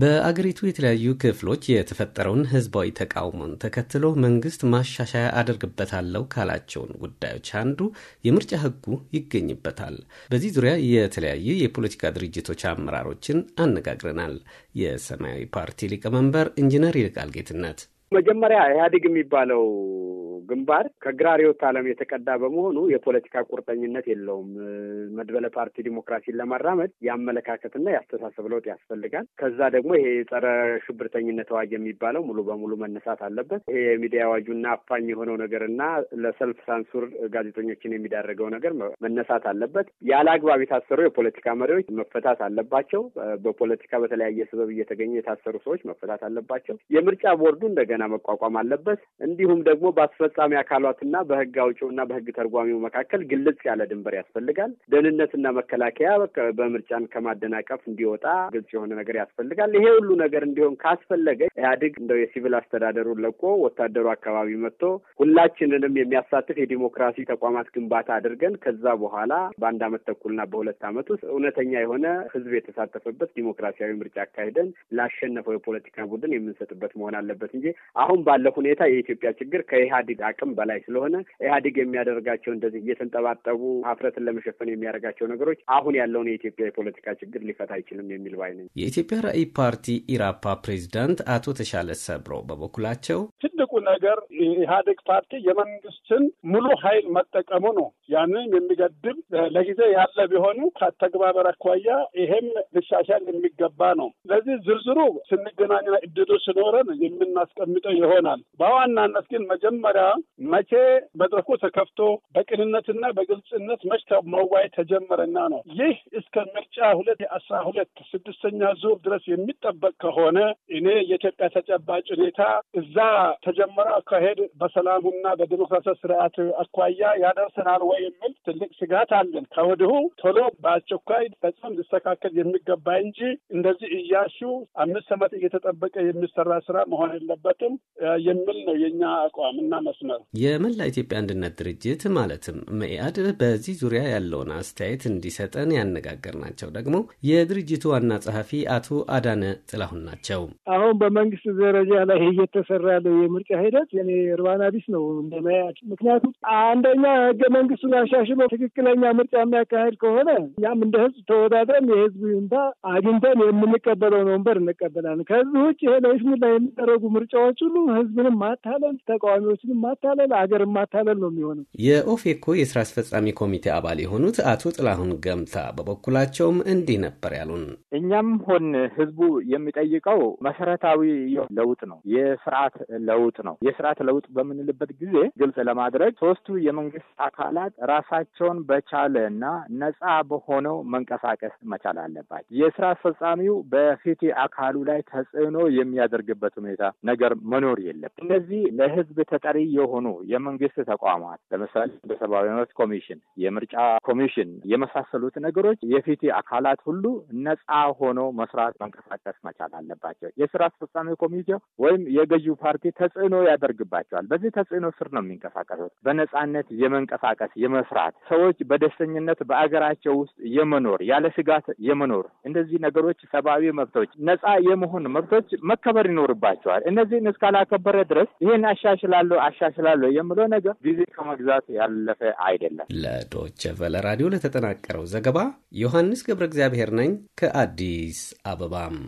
በአገሪቱ የተለያዩ ክፍሎች የተፈጠረውን ህዝባዊ ተቃውሞን ተከትሎ መንግስት ማሻሻያ አደርግበታለው ካላቸውን ጉዳዮች አንዱ የምርጫ ህጉ ይገኝበታል። በዚህ ዙሪያ የተለያዩ የፖለቲካ ድርጅቶች አመራሮችን አነጋግረናል። የሰማያዊ ፓርቲ ሊቀመንበር ኢንጂነር ይልቃል ጌትነት መጀመሪያ ኢህአዴግ የሚባለው ግንባር ከግራ ርዕዮተ ዓለም የተቀዳ በመሆኑ የፖለቲካ ቁርጠኝነት የለውም። መድበለ ፓርቲ ዲሞክራሲን ለማራመድ የአመለካከትና የአስተሳሰብ ለውጥ ያስፈልጋል። ከዛ ደግሞ ይሄ የጸረ ሽብርተኝነት አዋጅ የሚባለው ሙሉ በሙሉ መነሳት አለበት። ይሄ የሚዲያ አዋጁና አፋኝ የሆነው ነገርና ለሰልፍ ሳንሱር ጋዜጠኞችን የሚዳረገው ነገር መነሳት አለበት። ያለ አግባብ የታሰሩ የፖለቲካ መሪዎች መፈታት አለባቸው። በፖለቲካ በተለያየ ስበብ እየተገኘ የታሰሩ ሰዎች መፈታት አለባቸው። የምርጫ ቦርዱ እንደገና እንደገና መቋቋም አለበት። እንዲሁም ደግሞ በአስፈጻሚ አካላትና በህግ አውጪውና በህግ ተርጓሚው መካከል ግልጽ ያለ ድንበር ያስፈልጋል። ደህንነትና መከላከያ በምርጫን ከማደናቀፍ እንዲወጣ ግልጽ የሆነ ነገር ያስፈልጋል። ይሄ ሁሉ ነገር እንዲሆን ካስፈለገ ኢህአዴግ እንደው የሲቪል አስተዳደሩን ለቆ ወታደሩ አካባቢ መጥቶ ሁላችንንም የሚያሳትፍ የዲሞክራሲ ተቋማት ግንባታ አድርገን ከዛ በኋላ በአንድ አመት ተኩልና በሁለት አመት ውስጥ እውነተኛ የሆነ ህዝብ የተሳተፈበት ዲሞክራሲያዊ ምርጫ አካሂደን ላሸነፈው የፖለቲካ ቡድን የምንሰጥበት መሆን አለበት እንጂ አሁን ባለ ሁኔታ የኢትዮጵያ ችግር ከኢህአዴግ አቅም በላይ ስለሆነ ኢህአዴግ የሚያደርጋቸው እንደዚህ እየተንጠባጠቡ ሀፍረትን ለመሸፈን የሚያደርጋቸው ነገሮች አሁን ያለውን የኢትዮጵያ የፖለቲካ ችግር ሊፈታ አይችልም የሚል ባይ ነኝ። የኢትዮጵያ ራዕይ ፓርቲ ኢራፓ ፕሬዚዳንት አቶ ተሻለ ሰብሮ በበኩላቸው ትልቁ ነገር ኢህአዴግ ፓርቲ የመንግስትን ሙሉ ኃይል መጠቀሙ ነው። ያንን የሚገድብ ለጊዜ ያለ ቢሆንም ከተግባበር አኳያ ይሄም ልሻሻል የሚገባ ነው። ስለዚህ ዝርዝሩ ስንገናኝና እድሉ ስኖረን የምናስቀምጠው ይሆናል። በዋናነት ግን መጀመሪያ መቼ መድረኩ ተከፍቶ በቅንነትና በግልጽነት መች መዋይ ተጀመረና ነው። ይህ እስከ ምርጫ ሁለት አስራ ሁለት ስድስተኛ ዙር ድረስ የሚጠበቅ ከሆነ እኔ የኢትዮጵያ ተጨባጭ ሁኔታ እዛ ተጀመረ አካሄድ በሰላሙና በዲሞክራሲ ስርዓት አኳያ ያደርሰናል ወይ የሚል ትልቅ ስጋት አለን። ከወዲሁ ቶሎ በአስቸኳይ በጣም ሊስተካከል የሚገባ እንጂ እንደዚህ እያሹ አምስት ዓመት እየተጠበቀ የሚሰራ ስራ መሆን የለበትም የሚል ነው የኛ አቋም እና መስመር። የመላ ኢትዮጵያ አንድነት ድርጅት ማለትም መኢአድ በዚህ ዙሪያ ያለውን አስተያየት እንዲሰጠን ያነጋገርናቸው ደግሞ የድርጅቱ ዋና ጸሐፊ አቶ አዳነ ጥላሁን ናቸው። አሁን በመንግስት ደረጃ ላይ እየተሰራ ያለው ምርጫ ሂደት የኔ እርባና ቢስ ነው እንደመያጭ። ምክንያቱም አንደኛ ህገ መንግስቱን አሻሽሎ ትክክለኛ ምርጫ የሚያካሄድ ከሆነ እኛም እንደ ህዝብ ተወዳድረን የህዝብ ይሁንታ አግኝተን የምንቀበለውን ወንበር እንቀበላለን። ከዚህ ውጭ ይሄ ለይስሙላ የሚደረጉ ምርጫዎች ሁሉ ህዝብንም ማታለል፣ ተቃዋሚዎችንም ማታለል፣ አገርን ማታለል ነው የሚሆነው። የኦፌኮ የስራ አስፈጻሚ ኮሚቴ አባል የሆኑት አቶ ጥላሁን ገምታ በበኩላቸውም እንዲህ ነበር ያሉን። እኛም ሆን ህዝቡ የሚጠይቀው መሰረታዊ ለውጥ ነው፣ የስርዓት ለውጥ ለውጥ ነው። የስርዓት ለውጥ በምንልበት ጊዜ ግልጽ ለማድረግ ሶስቱ የመንግስት አካላት ራሳቸውን በቻለ እና ነጻ በሆነው መንቀሳቀስ መቻል አለባቸው። የስራ አስፈጻሚው በፊት አካሉ ላይ ተጽዕኖ የሚያደርግበት ሁኔታ ነገር መኖር የለም። እነዚህ ለህዝብ ተጠሪ የሆኑ የመንግስት ተቋማት ለምሳሌ በሰብአዊ መብት ኮሚሽን፣ የምርጫ ኮሚሽን የመሳሰሉት ነገሮች የፊት አካላት ሁሉ ነጻ ሆኖ መስራት መንቀሳቀስ መቻል አለባቸው። የስራ አስፈጻሚ ኮሚቴው ወይም የገዢው ፓርቲ ተጽዕኖ ያደርግባቸዋል። በዚህ ተጽዕኖ ስር ነው የሚንቀሳቀሱት። በነጻነት የመንቀሳቀስ የመስራት ሰዎች በደስተኝነት በአገራቸው ውስጥ የመኖር ያለ ስጋት የመኖር እንደዚህ ነገሮች ሰብአዊ መብቶች ነጻ የመሆን መብቶች መከበር ይኖርባቸዋል። እነዚህን እስካላከበረ ድረስ ይህን አሻሽላለሁ አሻሽላለሁ የምለው ነገር ጊዜ ከመግዛት ያለፈ አይደለም። ለዶቼ ቨለ ራዲዮ ለተጠናቀረው ዘገባ ዮሐንስ ገብረ እግዚአብሔር ነኝ ከአዲስ አበባም